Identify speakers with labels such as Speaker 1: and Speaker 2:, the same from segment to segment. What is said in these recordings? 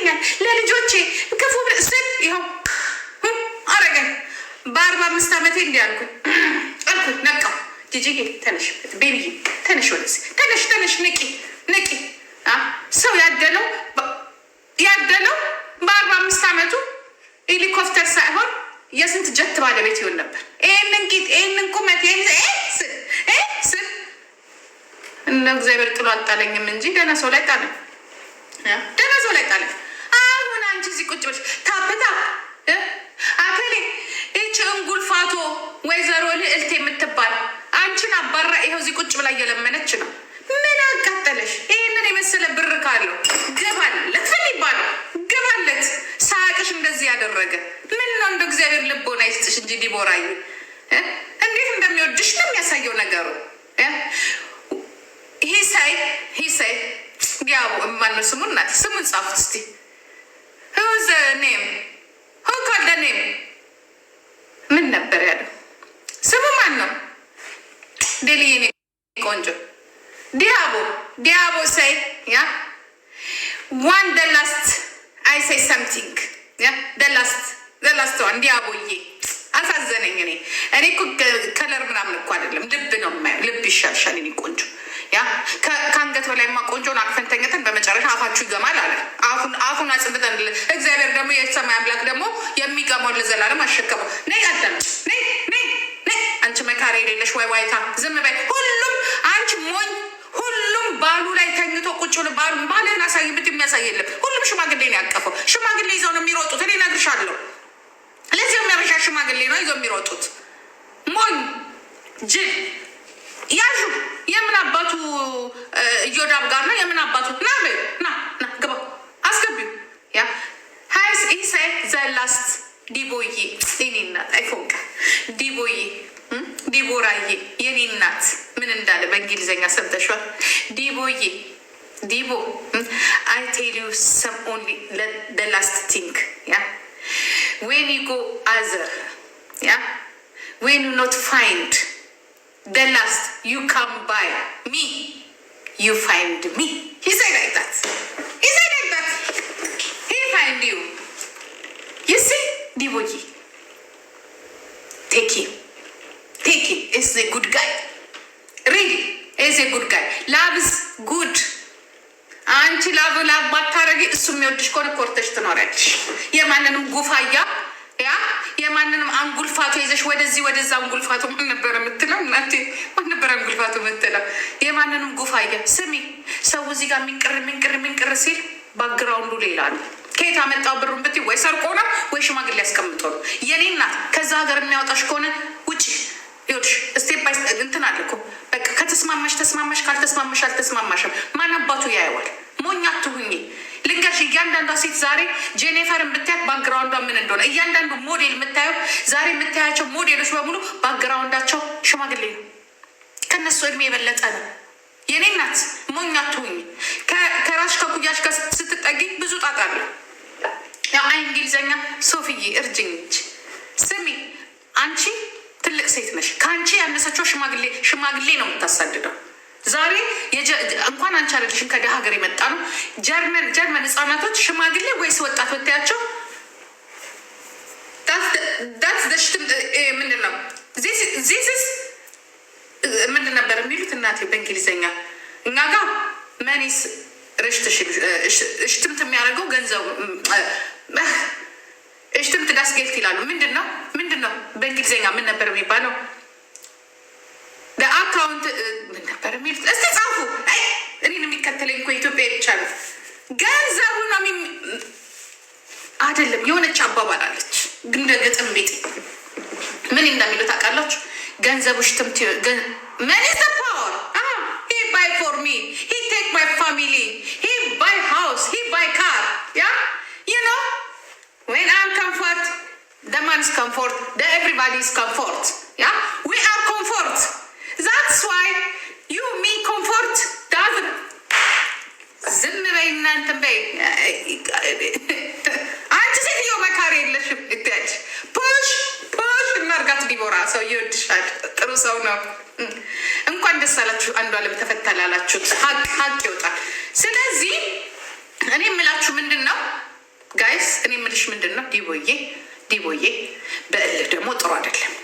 Speaker 1: ይገኛል። ለልጆቼ ክፉ ስል ይኸው አረገኝ። በአርባ አምስት ዓመቴ እንዲህ አልኩኝ አልኩኝ ነቃው። ጂጂጌ ተነሽ፣ ቤቢዬ ተነሽ፣ ወደስ ተነሽ፣ ተነሽ፣ ንቂ፣ ንቂ። ሰው ያደለው ያደለው በአርባ አምስት ዓመቱ ሄሊኮፕተር ሳይሆን የስንት ጀት ባለቤት ይሆን ነበር። ይህንን ቂጥ፣ ይህንን ቁመት ስል እነ እግዚአብሔር ጥሎ አጣለኝም እንጂ ደህና ሰው ላይ ጣለ፣ ደህና ሰው ላይ ጣለ። ቁጭ ብለሽ ታብታ አከሌ ይች እንጉልፋቶ ወይዘሮ ልዕልት የምትባል አንቺን አባራ ይኸው እዚህ ቁጭ ብላ እየለመነች ነው። ምን አቃጠለሽ? ይህንን የመሰለ ብር ካለው ግባለት፣ ምን ይባለው ግባለት። ሳቅሽ እንደዚህ ያደረገ ምን ነው? እንደ እግዚአብሔር ልቦና ይስጥሽ እንጂ ዲቦራዬ፣ እንዴት እንደሚወድሽ ነው የሚያሳየው ነገሩ። ሂሳይ ሂሳይ ዲያቦ ማነው ስሙ? እናት ስሙን ጻፉት እስቲ ዝ ኔም ሁ ኮልደ ኔም ምን ነበር ያለው? ስሙ ማን ነው? ዴልዬ ቆንጆ ዲያቦ ዲያቦ ሰይ ያ ዋን ደላስት አይ ሰይ ሰምቲንግ ያ ደላስት ደላስት ዋን ዲያቦዬ አሳዘነኝ። እኔ እኔ እኮ ከለር ምናምን እኮ አይደለም ልብ ነው የማየው። ልብ ይሻልሻል። እኔ ቆንጆ ያ ከአንገት በላይ ማ ቆንጆን አቅፈን ተኝተን በመጨረሻ አፋችሁ ይገማል አለ። አፉን አፉን አጽንተን እግዚአብሔር ደግሞ የሰማይ አምላክ ደግሞ የሚገማውን ለዘላለም አሸከመው። ነይ አዳም ነይ ነይ ነይ አንቺ መካሪ የሌለሽ ወይ ዋይታ ዝም በይ። ሁሉም አንቺ ሞኝ ሁሉም ባሉ ላይ ተኝቶ ቁጭ ብሎ ባሉ ባልህን አሳይ ብት የሚያሳይ የለም። ሁሉም ሽማግሌ ነው ያቀፈው። ሽማግሌ ይዘው ነው የሚሮጡት። እኔ እነግርሻለሁ። ለዚህ የሚያበሻ ሽማግሌ ነው ይዘው የሚሮጡት። ሞኝ ጅል ያዡ የምን አባቱ እዮዳብ ጋር ነው? የምን አባቱ ና ና ና ግባ አስገቢው። ያ ሀይስ ኢሳይ ዘላስት ዲቦዬ የኔ እናት አይፎንቀ ዲቦዬ ዲቦራዬ የኔ እናት ምን እንዳለ በእንግሊዝኛ ሰምተሻል? ዲቦዬ ዲቦ አይ ቴል ዩ ሰም ኦንሊ ደ ላስት ቲንግ ያ ዌን ዩ ጎ አዘር ያ ዌን ዩ ኖት ፋይንድ the last you come by me you find me he said like that he said like that he find you you see take him take him it's a good guy really is a good guy love is good አንቺ ላብ ላብ ባታረጊ እሱ የሚወድሽ ከሆነ ኮርተሽ ትኖሪያለሽ የማንንም ጉፋያ ያ የማንንም አንጉልፋቱ ይዘሽ ወደዚህ ወደዛ አንጉልፋቱ ምን ነበረ የምትለው? እናቴ ምን ነበረ አንጉልፋቱ የምትለው? የማንንም ጉፋያ ስሚ። ሰው እዚህ ጋር የሚንቅር የሚንቅር የሚንቅር ሲል ባግራውንዱ ሌላ ነው። ከየት አመጣው ብሩን ብትይ ወይ ሰርቆ ነው ወይ ሽማግሌ ያስቀምጦ ነው። የኔ እናት ከዛ ሀገር የሚያወጣሽ ከሆነ ውጭ ይኸውልሽ፣ ስቴፕ ባይ ስቴፕ እንትን አለ እኮ ዛሬ ጄኔፈር ብታያት ባክግራውንዷ ምን እንደሆነ እያንዳንዱ ሞዴል የምታየው ዛሬ የምታያቸው ሞዴሎች በሙሉ ባክግራውንዳቸው ሽማግሌ ነው። ከነሱ እድሜ የበለጠ ነው። የኔ ናት። ሞኛ ከራሽ ከኩያሽ ጋር ስትጠጊ ብዙ ጣጣ አለ። አይ እንግሊዘኛ ሶፍዬ እርጅኝች። ስሚ አንቺ ትልቅ ሴት ነሽ። ከአንቺ ያነሰችው ሽማግሌ ሽማግሌ ነው የምታሳድደው ዛሬ እንኳን አንቺ አይደለሽም ከደሃ ሀገር የመጣ ነው። ጀርመን ጀርመን ህጻናቶች ሽማግሌ ወይስ ወጣት ወታያቸው ዳት ደሽት ምንድን ነው ምንድን ነበር የሚሉት እናቴ በእንግሊዝኛ እኛ ጋር መኒስ እሽትምት የሚያደርገው ገንዘቡ እሽትምት ዳስጌልት ይላሉ። ምንድን ነው ምንድን ነው በእንግሊዝኛ ምን ነበር የሚባለው? አካውንት ምን ነበር የሚሉት? እስቲ ጻፉ። እኔን የሚከተለኝ እኮ ኢትዮጵያ ብቻ ነው። ገንዘቡ ነው አይደለም። የሆነች አባባል አለች፣ እንደ ግጥም ቤት ምን እንደሚሉ ታውቃላችሁ? ገንዘቡሽ ትምት ምን ዘ ፓወር ሂ ባይ ፎር ሚ ሂ ቴክ ማይ ፋሚሊ ሂ ባይ ሃውስ ሂ ባይ ካር ያ ዩ ኖ ወን አም ኮምፎርት ደ ማንስ ኮምፎርት ደ ኤቭሪባዲስ ኮምፎርት ያ ዊ በይ እናንተን በይ አንቺ ሴትዮ መካሪ የለሽም። እትያች ፑሽ ፑሽ እናርጋት ዲቦራ ሰው ይወድሻል። ጥሩ ሰው ነው። እንኳን ደስ አላችሁ። አንዱ አለም ተፈታላላችሁት። ሀቅ ሀቅ ይወጣል። ስለዚህ እኔ የምላችሁ ምንድን ነው ጋይስ፣ እኔ የምልሽ ምንድን ነው ዲቦዬ ዲቦዬ፣ በእልህ ደግሞ ጥሩ አይደለም።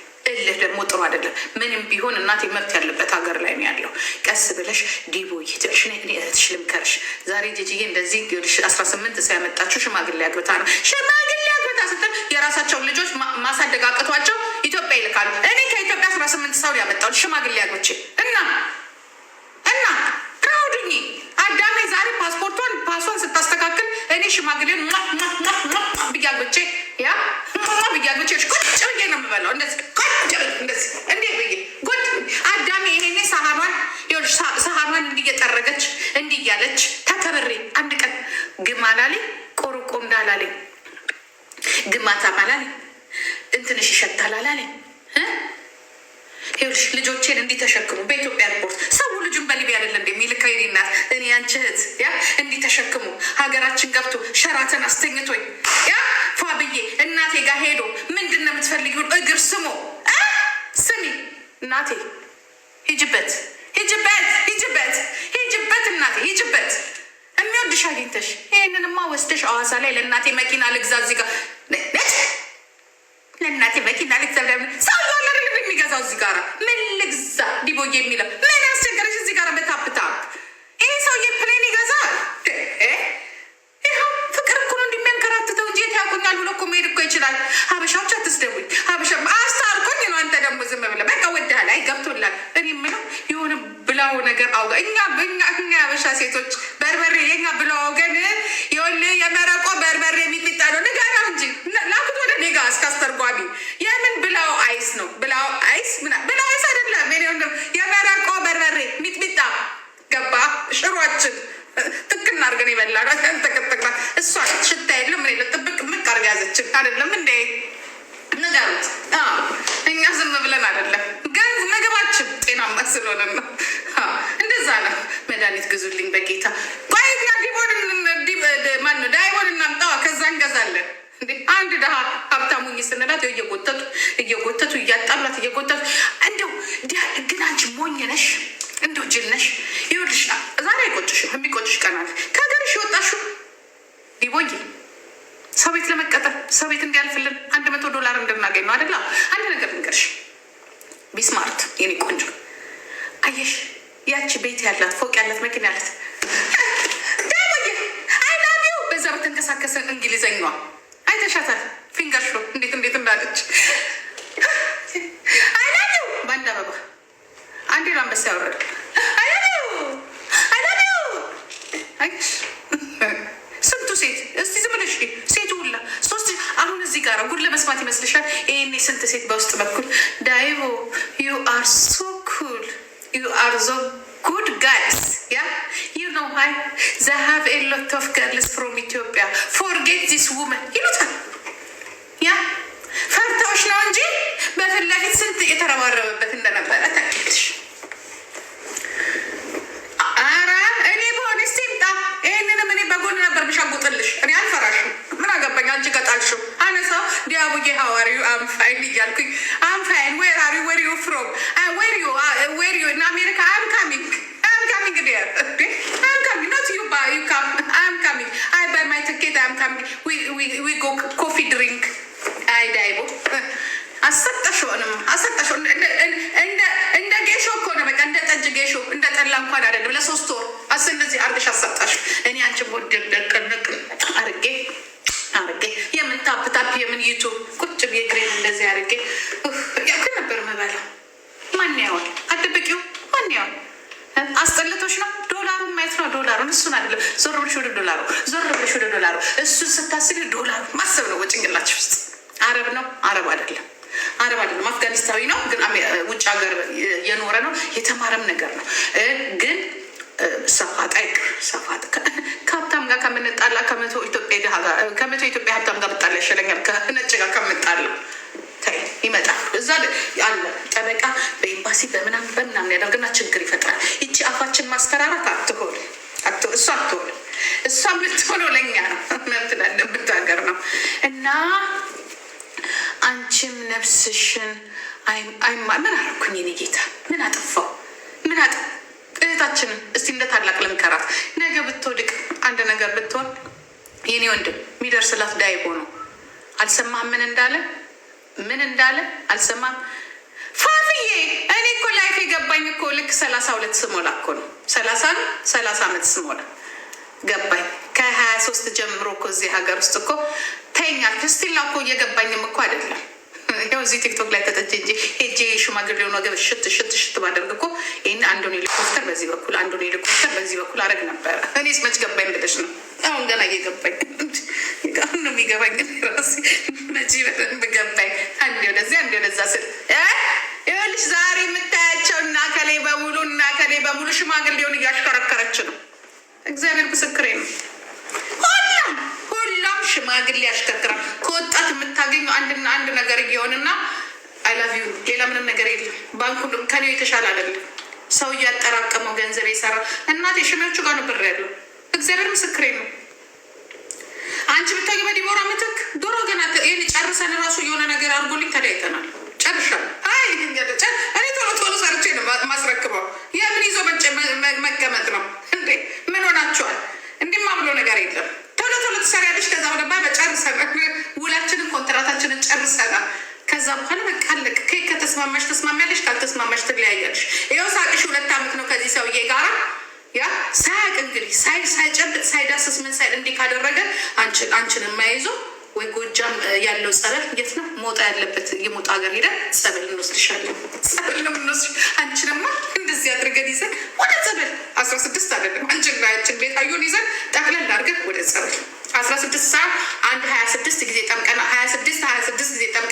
Speaker 1: ከሌለህ ደግሞ ጥሩ አይደለም። ምንም ቢሆን እናቴ መብት ያለበት ሀገር ላይ ነው ያለው። ቀስ ብለሽ ዲቦ ይትልሽ እኔ እህትሽ ልምከርሽ። ዛሬ ጅጅዬ እንደዚህ ልሽ አስራ ስምንት ሰው ያመጣችው ሽማግሌ አግብታ ነው ሽማግሌ አግብታ ስትል የራሳቸውን ልጆች ማሳደግ አቅቷቸው ኢትዮጵያ ይልካሉ። እኔ ከኢትዮጵያ አስራ ስምንት ሰው ያመጣው ሽማግሌ አግብቼ እና እና ከውድኝ አዳሜ ዛሬ ፓስፖርቷን ፓሷን ስታስተካክል እኔ ሽማግሌን ብዬ ያ ብዬ ቁጭ ብዬ ነው የምበላው እንደዚህ እያለች ተከብሬ አንድ ቀን ግማ ላሌ ቆርቆ እንዳላሌ ግማታ አላለኝ፣ እንትንሽ ይሸታል አላለኝ። ልጆቼን እንዲህ ተሸክሙ በኢትዮጵያ መኪና ልግዛ እዚህ ጋር ለእናቴ መኪና ልግዛ ሰው ዶላር የሚገዛው እዚህ ጋር ምን ልግዛ ዲቦዬ የሚለው ምን ያስቸገረች እዚህ ጋር በታብታ ይሄ ሰውዬ ፕሌን ይገዛል። ፍቅር እኮ ነው እንደሚያንከራትተው እንጂ የት ያውቁኛል ብሎ እኮ መሄድ እኮ ይችላል። ሀበሻዎች አትስደቡኝ። ሀበሻ አስታርቆኝ ነው። አንተ ደግሞ ዝም ብለህ በቃ ወደሃል። አይ ገብቶላል። እኔ የምለው የሆነ ብላው ነገር አውጋ እኛ እኛ ሀበሻ ሴቶች ግዙልኝ በጌታ ቆይና ዲቦን ዳይቦን እናምጣዋ ከዛ እንገዛለን። አንድ ድሀ ሀብታሙኝ ስንላት እየጎተቱ እየጎተቱ እያጣሏት እየጎተቱ እንደው ግን አንቺ ሞኝ ነሽ እንደው ጅል ነሽ። ይኸውልሽ ዛሬ አይቆጭሽም፣ የሚቆጭሽ ቀናት ከሀገርሽ የወጣሽው ዲቦዬ ሰው ቤት ለመቀጠር ሰው ቤት እንዲያልፍልን አንድ መቶ ዶላር እንድናገኝ ነው አደላ። አንድ ነገር ንገርሽ ቢስማርት የኔ ቆንጆ አየሽ ያቺ ቤት ያላት ፎቅ ያላት መኪና ያላት ዳሞዬ እንግሊዘኛዋ አይተሻታል። ፊንገር ሾ እንዴት እንዴት እንዳለች አይናቢው በአንድ አበባ አንዴ አንበሳ ስንቱ ሴት እስቲ ዝም ብለሽ ሴቱ ሁላ ሶስት አሁን እዚህ ጋር ጉድ ለመስማት ይመስልሻል? ይህኔ ስንት ሴት በውስጥ በኩል ዳይቦ ዩ አር ሶ you are the good guys. Yeah, you know why? They have a lot of girls from Ethiopia. Forget this woman. yeah? ፈርተውሽ ነው እንጂ በፊት ለፊት ስንት የተረባረበበት ከምጣላ ከመቶ ኢትዮጵያ ሀብታም ጋር ብጣላ ይሻለኛል ከነጭ ጋር ከምጣላ። ይመጣል። እዛ አለ ጠበቃ በኤምባሲ በምናም በምናምን ያደርግና ችግር ይፈጥራል። ይቺ አፋችን ማስተራራት አትሆን እሱ አትሆን እሷ የምትሆነው ለኛ ነው። መብት ብታገር ነው እና አንቺም ነፍስሽን አይማ ምን አረኩኝ? ኔ ጌታ ምን አጠፋው? ምን አጠፋው? እህታችንን እስቲ እንደ ታላቅ ልምከራት። ነገ ብትወድቅ አንድ ነገር ብትሆን የኔ ወንድም የሚደርስላት ዳይቦ ነው። አልሰማም ምን እንዳለ ምን እንዳለ አልሰማም። ፋፍዬ እኔ እኮ ላይፍ የገባኝ እኮ ልክ ሰላሳ ሁለት ስሞላ እኮ ነው። ሰላሳ ነው ሰላሳ አመት ስሞላ ገባኝ። ከሀያ ሶስት ጀምሮ እኮ እዚህ ሀገር ውስጥ እኮ ተኛል። ስቲል እኮ እየገባኝም እኮ አይደለም እንደው እዚህ ቲክቶክ ላይ ተጠጭ እንጂ ሄጄ ሽማግሌውን ወገብ ሽት ሽት ሽት ባደርግ እኮ ይህን አንዱን ሄሊኮፕተር በዚህ በኩል አንዱን ሄሊኮፕተር በዚህ በኩል አረግ ነበረ። እኔስ መች ገባኝ ብለሽ ነው? አሁን ገና እየገባኝ ነው የሚገባኝ። ግን ራሴ መቼ በደንብ ገባኝ። አንዴ ወደዚህ አንዴ ወደዛ ስል ይኸውልሽ፣ ዛሬ የምታያቸው እና ከሌ በሙሉ እና ከሌ በሙሉ ሽማግሌውን እያሽከረከረች ነው። እግዚአብሔር ምስክሬ ነው። ሁሉም ሁሉም ሽማግሌ ያሽከርክራል። ከወጣት የምታገኙ አንድና አንድ ነገር እየሆንና አይላቪ ሌላ ምንም ነገር የለም። ባንኩ ከኔው የተሻለ አይደለም። ሰው እያጠራቀመው ገንዘብ የሰራ እናቴ ሽሜዎቹ ጋር ነው ብር ያለው። እግዚአብሔር ምስክሬ ነው። አንቺ ብታይ በዲቦራ ምትክ ሰውዬ ጋራ ያ ሳያቅ እንግዲህ ሳይጨብጥ ሳይዳስስ ምን ሳይል እንዲህ ካደረገ አንቺን የማይይዞ ወይ ጎጃም ያለው ጸበል የት ነው ሞጣ ያለበት? የሞጣ ሀገር ሄደን ጸበል እንወስድሻለን። ጸበል ነው ምንወስድ። አንቺንማ እንደዚህ አድርገን ይዘን ወደ ጸበል አስራ ስድስት አይደለም አንቺን ናያችን ቤት አዩን ይዘን ጠቅለል አድርገን ወደ ጸበል አስራ ስድስት ሰዓት አንድ ሀያ ስድስት ጊዜ ጠምቀና ሀያ ስድስት ሀያ ስድስት ጊዜ ጠምቀ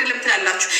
Speaker 1: አይደለም ትላላችሁ።